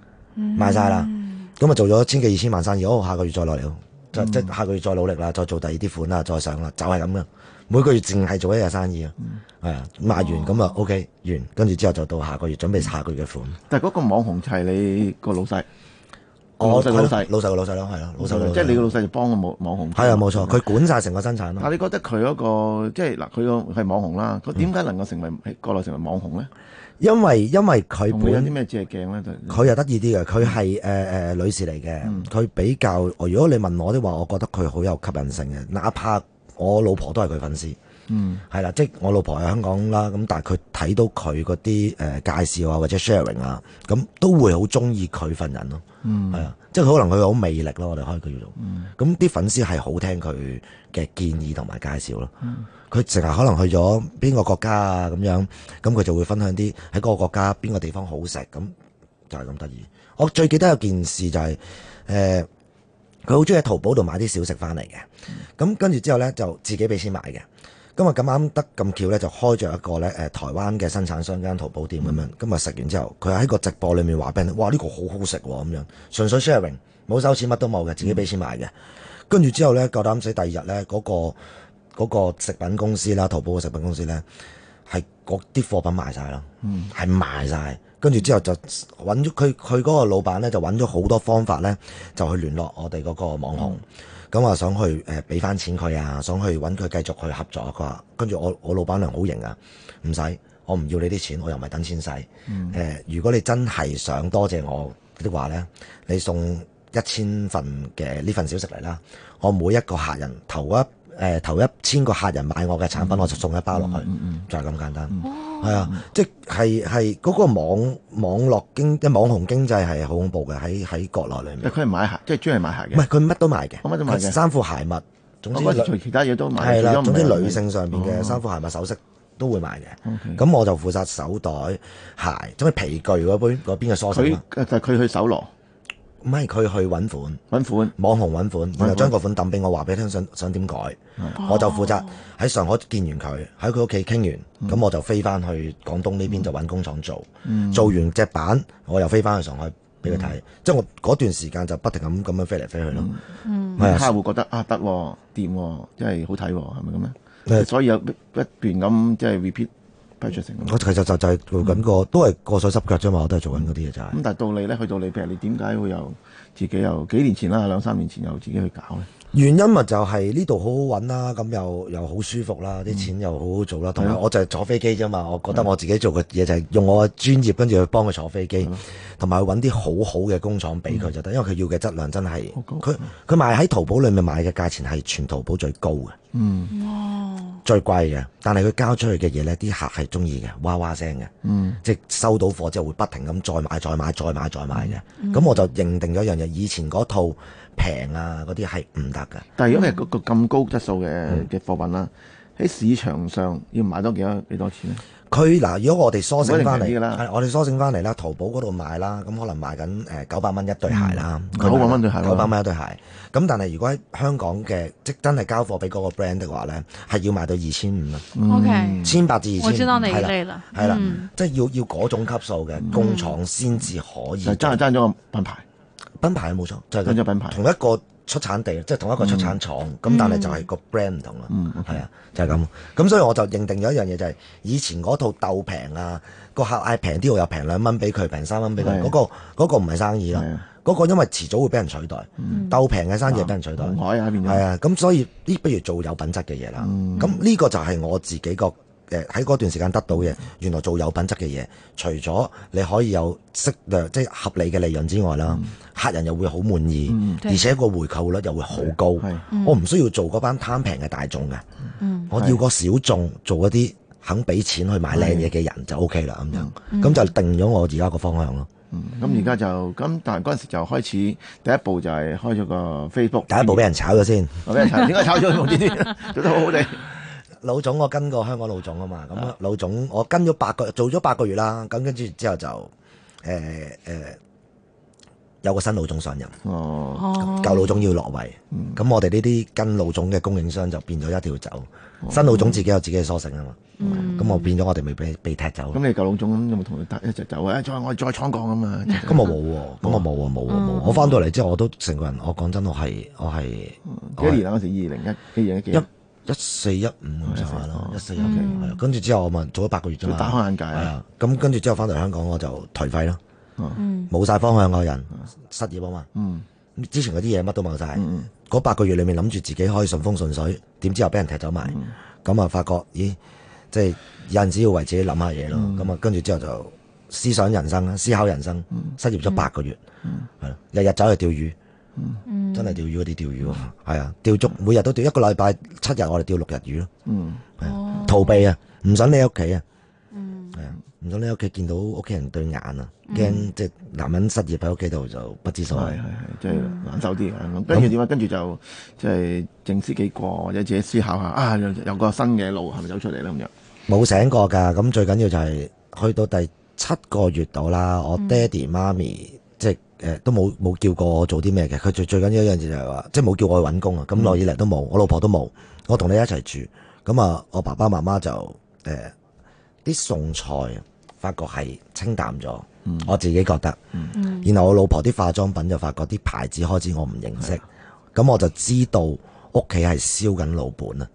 賣晒啦，咁啊、嗯嗯、做咗千幾二千萬生意，好、哦，下個月再來了。即即下個月再努力啦，再做第二啲款啦，再上啦，就係咁嘅。每個月淨係做一日生意啊，係、嗯、啊賣完咁啊、哦、OK 完，跟住之後就到下個月準備下個月嘅款。但係嗰個網紅就係你個老細、哦，老細老細老細個老細咯，係咯，老細即係你老老個老細、那個、就幫個網網紅。係啊，冇錯，佢管晒成個生產咯。啊，你覺得佢嗰個即係嗱，佢個係網紅啦，佢點解能夠成為、嗯、國內成為網紅咧？因為因為佢配緊啲咩鏡咧？就佢又得意啲嘅，佢係誒誒女士嚟嘅，佢、嗯、比較，如果你問我的話，我覺得佢好有吸引性嘅，哪怕。我老婆都係佢粉絲，嗯，係啦，即係我老婆喺香港啦，咁但係佢睇到佢嗰啲誒介紹啊或者 sharing 啊，咁都會好中意佢份人咯，嗯，係啊，即係佢可能佢有魅力咯，我哋可以叫做，嗯，咁啲粉絲係好聽佢嘅建議同埋介紹咯，嗯，佢成日可能去咗邊個國家啊咁樣，咁佢就會分享啲喺嗰個國家邊個地方好食，咁就係咁得意。我最記得有件事就係、是、誒。呃佢好中意喺淘寶度買啲小食翻嚟嘅，咁跟住之後呢，就自己俾錢買嘅。今日咁啱得咁巧呢，就開咗一個呢台灣嘅生產商間淘寶店咁樣。嗯、今日食完之後，佢喺個直播裏面話俾你：「哇！呢、呢個好好食喎咁樣，純粹 sharing，冇收錢，乜都冇嘅，自己俾錢買嘅。跟住之後呢，夠膽死，第二日呢，嗰、嗰個嗰個食品公司啦，淘寶嘅食品公司呢，係嗰啲貨品賣晒啦，係、嗯、賣晒。跟住之後就揾咗佢，佢嗰個老闆呢就揾咗好多方法呢，就去聯絡我哋嗰個網紅，咁、嗯、話想去誒俾翻錢佢啊，想去揾佢繼續去合作。佢話跟住我我老闆娘好型啊，唔使，我唔要你啲錢，我又唔係等錢使、嗯、如果你真係想多謝我啲話呢，你送一千份嘅呢份小食嚟啦，我每一個客人頭一。誒、呃、頭一千個客人買我嘅產品、嗯，我就送一包落去，就係咁簡單。係、嗯、啊，嗯、即係係嗰個網網絡經即係網紅經濟係好恐怖嘅，喺喺國內裏面。佢、就、係、是、買鞋，即係專係買鞋嘅。唔係佢乜都賣嘅，乜都賣衫褲鞋襪，總之我其他嘢都買、啊。總之女性上面嘅衫褲鞋襪、哦、首飾都會買嘅。咁、okay. 我就負責手袋、鞋，咁皮具嗰邊嗰邊嘅梳洗。佢佢、就是、去搜羅唔係佢去揾款，揾款網紅揾款，款，然後將個款抌俾我，話俾你聽想想點改、哦，我就負責喺上海見完佢，喺佢屋企傾完，咁、嗯、我就飛翻去廣東呢邊、嗯、就揾工廠做，嗯、做完隻板我又飛翻去上海俾佢睇，即、嗯、我嗰段時間就不停咁咁樣飛嚟飛去咯。嗯，啲客戶覺得啊得掂，即係、啊啊、好睇、啊，係咪咁樣？所以有不斷咁即係 repeat。我其實就就係做緊個，嗯、都係過水濕腳啫嘛，我都係做緊嗰啲嘢就係、嗯。咁、嗯、但係到你咧，去到你譬如你點解會有自己又幾年前啦，兩三年前又自己去搞咧？原因咪就係呢度好好揾啦，咁又又好舒服啦，啲錢又好好做啦。同、嗯、埋我就係坐飛機啫嘛、嗯，我覺得我自己做嘅嘢就係用我嘅專業跟住去幫佢坐飛機，同埋揾啲好好嘅工廠俾佢就得、嗯，因為佢要嘅質量真係，佢佢賣喺淘寶裏面賣嘅價錢係全淘寶最高嘅，嗯，最貴嘅，但係佢交出去嘅嘢呢，啲客係中意嘅，哇哇聲嘅，嗯，即係收到貨之後會不停咁再買、再買、再買、再買嘅，咁、嗯、我就認定咗一樣嘢，以前嗰套。平啊！嗰啲係唔得噶。但係如果係嗰個咁、嗯、高質素嘅嘅貨品啦，喺、嗯、市場上要賣多幾多幾多錢佢嗱，如果我哋 sourcing 翻嚟，我哋 sourcing 翻嚟啦，淘寶嗰度買啦，咁可能賣緊誒九百蚊一對鞋啦，九百蚊對鞋，九百蚊一對鞋。咁、嗯嗯、但係如果喺香港嘅即真係交貨俾嗰個 brand 嘅話咧，係要賣到二千五啦。O K，千八至二千你啦，係啦、嗯嗯，即係要要嗰種級數嘅、嗯、工廠先至可以真係爭咗個品牌。品牌啊冇錯，就係、是、同一個出產地，嗯、即係同一個出產廠，咁、嗯、但係就係個 brand 唔同咯，係、嗯、啊，就係、是、咁，咁所以我就認定咗一樣嘢就係、是、以前嗰套鬥平啊，個客嗌平啲，我又平兩蚊俾佢，平三蚊俾佢，嗰、那個、那個唔係生意咯，嗰、那個因為遲早會俾人取代，鬥平嘅生意俾人取代，係、嗯、啊，咁所以呢不如做有品質嘅嘢啦，咁、嗯、呢個就係我自己個。喺嗰段時間得到嘅，原來做有品質嘅嘢，除咗你可以有適量即係合理嘅利潤之外啦、嗯，客人又會好滿意、嗯，而且個回購率又會好高。我唔需要做嗰班貪平嘅大眾嘅，我要個小眾做嗰啲肯俾錢去買靚嘢嘅人就 OK 啦咁樣，咁就定咗我而家一個方向咯。咁而家就咁，但係嗰陣時就開始第一步就係開咗個 Facebook。第一步俾人炒咗先，俾人炒，點解炒咗？呢啲做得好好地。老總我跟過香港老總啊嘛，咁老總我跟咗八個做咗八個月啦，咁跟住之後就誒誒、欸欸、有個新老總上任，哦，舊老總要落位，咁、嗯、我哋呢啲跟老總嘅供應商就變咗一條走、嗯，新老總自己有自己嘅所性啊嘛，咁、嗯、我變咗我哋咪被被踢走咁、嗯、你舊老總有冇同佢一齊走？、哎、走啊？再我再闖港啊嘛。咁我冇，咁我冇，冇，冇。我翻到嚟之後，我都成個人，我講真，我係我係嗰時二零一幾一四一五咁上下咯，一四一五，係跟住之後我問，做咗八個月啫嘛，打開眼界，係啊。咁、嗯、跟住之後翻到香港我就頹廢咯，冇、嗯、晒方向嘅人、嗯，失業啊嘛、嗯。之前嗰啲嘢乜都冇晒。嗰、嗯、八個月裏面諗住自己可以順風順水，點、嗯、知後俾人踢走埋。咁、嗯、啊發覺，咦，即、就、係、是、有陣時要為自己諗下嘢咯。咁、嗯、啊跟住之後就思想人生思考人生。嗯、失業咗八個月，日日走去釣魚。嗯，真係釣魚嗰啲釣魚，係啊，釣、嗯啊、足每日都釣，一個禮拜七日我哋釣六日魚咯。嗯、啊哦，逃避啊，唔想你屋企啊。嗯，係啊，唔想你屋企見到屋企人對眼啊，驚即係男人失業喺屋企度就不知所謂。係即係難受啲。跟住、就是、點啊？跟、嗯、住就即係正思己過，或者自己思考下，啊，有個新嘅路係咪走出嚟咧？咁樣冇醒過噶。咁最緊要就係去到第七個月度啦。我爹哋媽咪即係。嗯就是誒，都冇冇叫過我做啲咩嘅，佢最最緊要一樣嘢就係話，即係冇叫我去揾工啊，咁耐以嚟都冇，我老婆都冇，我同你一齊住，咁啊，我爸爸媽媽就誒啲、欸、餸菜，發覺係清淡咗，嗯、我自己覺得，然後我老婆啲化妝品就發覺啲牌子，開始我唔認識，咁我就知道屋企係燒緊老本啦。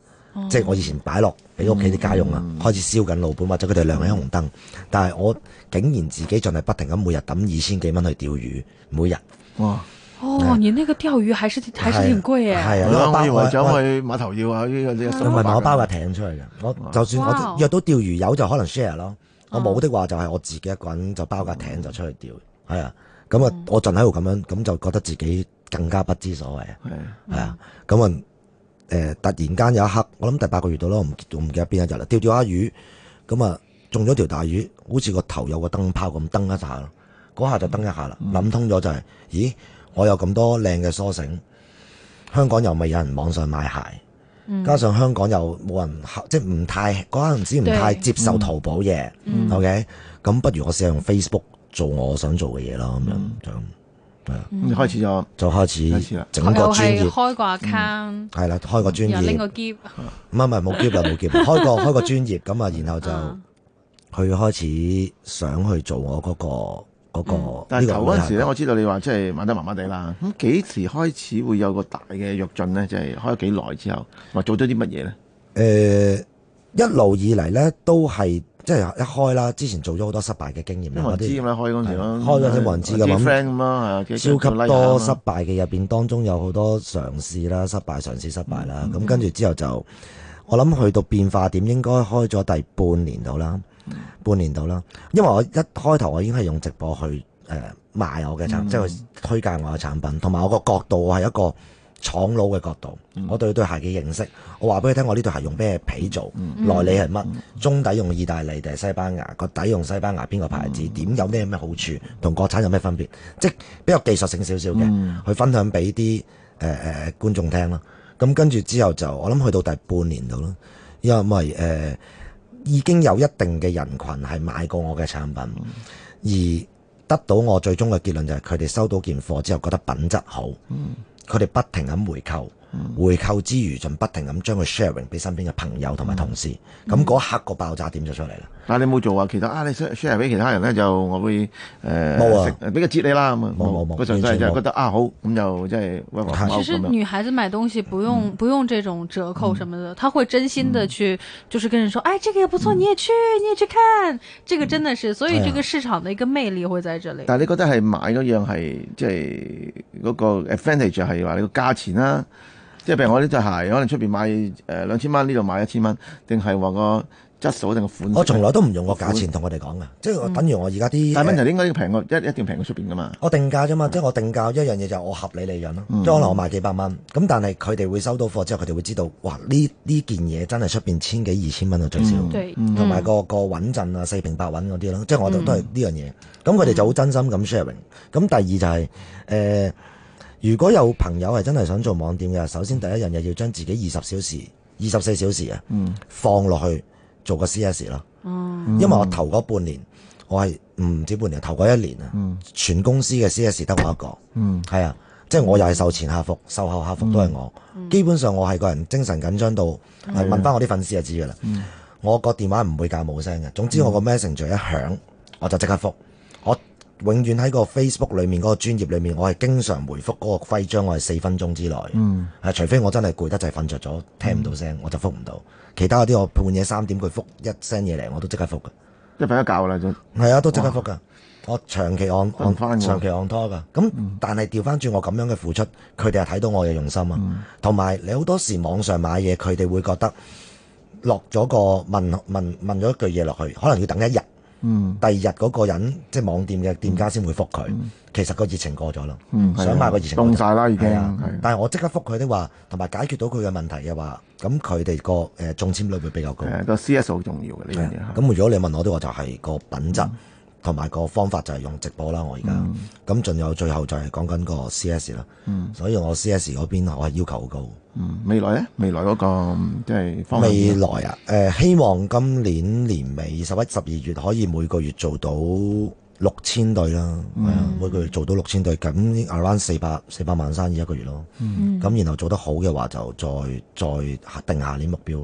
即係我以前擺落俾屋企啲家用啊、嗯，開始燒緊老本或者佢哋亮起紅燈，嗯、但係我竟然自己仲係不停咁每日抌二千幾蚊去釣魚，每日。哇！哦，你呢個釣魚還是還是挺貴啊，係啊，嗯嗯、包或去碼頭要、哎、啊，唔係我包架艇出去嘅。我就算我約到釣魚友就可能 share 咯，我冇的話就係我自己一個人就包架艇就出去釣。係、嗯、啊，咁啊我盡喺度咁樣，咁就覺得自己更加不知所謂、嗯、啊。係、嗯、啊，咁、嗯、啊。誒，突然間有一刻，我諗第八個月到咯，我唔我唔記得邊一日啦，釣釣下魚，咁啊中咗條大魚，好似個頭有個燈泡咁，燈一下，嗰下就燈一下啦，諗、嗯、通咗就係、是，咦，我有咁多靚嘅梳繩，香港又咪有人網上買鞋，加上香港又冇人即係唔太嗰陣時唔太接受淘寶嘢、嗯、，OK，咁不如我試下用 Facebook 做我想做嘅嘢咯，咁、嗯、樣。係、嗯、開始咗，就開始整個專業，開個 account，係啦，開個專業，又拎個 job，唔係唔係冇 job 又冇 job，開個 開個專業，咁啊，然後就，去、啊、開始想去做我嗰個嗰個，那個嗯、但係頭嗰時咧，我知道你話即係玩得麻麻地啦，咁幾時開始會有個大嘅躍進咧？就係、是、開咗幾耐之後，或做咗啲乜嘢咧？誒、呃，一路以嚟咧都係。即係一開啦，之前做咗好多失敗嘅經驗啦，冇人知咁啦，開咗啲冇人知嘅 friend 咁啦，係啊，超級多失敗嘅入面，當中有好多嘗試啦，失敗嘗試失敗啦，咁跟住之後就、嗯、我諗去到變化點應該開咗第半年度啦，半年度啦，因為我一開頭我已經係用直播去誒、呃、賣我嘅產，即係推介我嘅產品，同、嗯、埋我個角度我係一個廠佬嘅角度，我對對鞋嘅認識，我話俾你聽，我呢對鞋用咩皮做，內裏係乜，中底用意大利定係西班牙，個底用西班牙邊個牌子，點有咩咩好處，同國產有咩分別，即比較技術性少少嘅，去分享俾啲誒誒觀眾聽咯。咁跟住之後就，我諗去到第半年度咯，因為誒、呃、已經有一定嘅人群係買過我嘅產品，而得到我最終嘅結論就係佢哋收到件貨之後覺得品質好。佢哋不停咁回購回購之餘仲不停咁將佢 sharing 俾身邊嘅朋友同埋同事，咁嗰刻個爆炸點就出嚟啦。但、啊、你冇做啊？其他啊，你 share 俾其他人咧，就我會誒，冇、呃、啊，俾個折你啦咁啊！冇冇冇，個純粹就係覺得啊好咁就真係屈服冇。其實女孩子買東西不用，嗯、不用這種折扣什麼的，嗯、她會真心的去，就是跟人說，嗯、哎，這個也不錯，你也去，嗯，你也去看。這個真的是，所以這個市場的一個魅力會在這裏，嗯啊、但你覺得係買嗰樣係即係嗰個 advantage 係話你價，啊就是，個價錢啦？即係譬如我呢對鞋，可能出邊買誒兩千蚊，呢、呃、度買一千蚊，定係話個質素定個款，我從來都唔用個價錢同佢哋講噶，即、嗯、係等於我而家啲。但問題應該要平過一、嗯、一定平過出邊噶嘛？我定價啫嘛、嗯，即係我定價一樣嘢就我合理利潤咯。即係可能我賣幾百蚊，咁、嗯、但係佢哋會收到貨之後，佢哋會知道，哇！呢呢件嘢真係出邊千幾二千蚊啊最少，同、嗯、埋、嗰個個、嗯、穩陣啊，四平八穩嗰啲咯。即係我都都係呢樣嘢。咁佢哋就好真心咁 sharing。咁、嗯、第二就係、是、誒、呃，如果有朋友係真係想做網店嘅，首先第一樣嘢要將自己二十小時、二十四小時啊，放落去。嗯做個 C.S. 咯，因為我頭嗰半年，我係唔止半年，頭嗰一年啊，全公司嘅 C.S. 得我一個，係、嗯、啊，即係我又係售前客服、售後客服都係我，基本上我係個人精神緊張到、嗯，問翻我啲粉絲就知噶啦、嗯，我個電話唔會較冇聲嘅，總之我個 message 一響、嗯、我就即刻覆。永遠喺個 Facebook 裏面嗰、那個專頁裏面，我係經常回覆嗰個徽章，我係四分鐘之內，係、嗯、除非我真係攰得滯瞓着咗，聽唔到聲，嗯、我就覆唔到。其他嗰啲我半夜三點佢覆一聲嘢嚟，我都即刻覆㗎，即瞓一覺啦，就係啊，都即刻覆㗎。我長期按按翻，長期按拖㗎。咁但係調翻轉我咁樣嘅付出，佢哋係睇到我嘅用心啊。同、嗯、埋你好多時網上買嘢，佢哋會覺得落咗個問問問咗一句嘢落去，可能要等一日。嗯，第二日嗰個人即係網店嘅店家先會覆佢、嗯，其實個熱情過咗啦。嗯，想買個熱情過咗啦，已經係啊，但係我即刻覆佢嘅話，同埋解決到佢嘅問題嘅話，咁佢哋個誒中籤率會比較高。係個 CS 好重要嘅呢樣嘢。咁如果你問我嘅話就係、是、個品質。嗯同埋個方法就係用直播啦，我而家咁，仲、嗯、有最後就係講緊個 C.S. 啦，嗯、所以我 C.S. 嗰邊我係要求好高、嗯。未來咧，未來嗰個即係未來啊、呃！希望今年年尾十一、十二月可以每個月做到六千對啦，嗯、每個月做到六千對，咁 around 四百四百萬生意一個月咯，咁、嗯、然後做得好嘅話就再再定下年目標。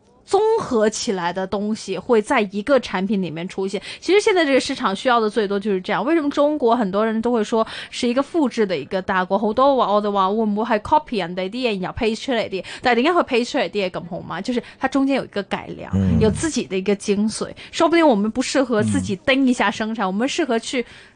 綜合起來的東西會在一個產品裏面出現。其實現在這個市場需要的最多就是這樣。為什麼中國很多人都會說是一個複製的一個大國？好多話我就話會唔會係 copy 人哋啲嘢，然後配出嚟啲？但係點解會配出嚟啲嘢咁好嘛？就是它中間有一個改良，有自己的一個精髓。說不定我們不適合自己登一下生產，我們適合去。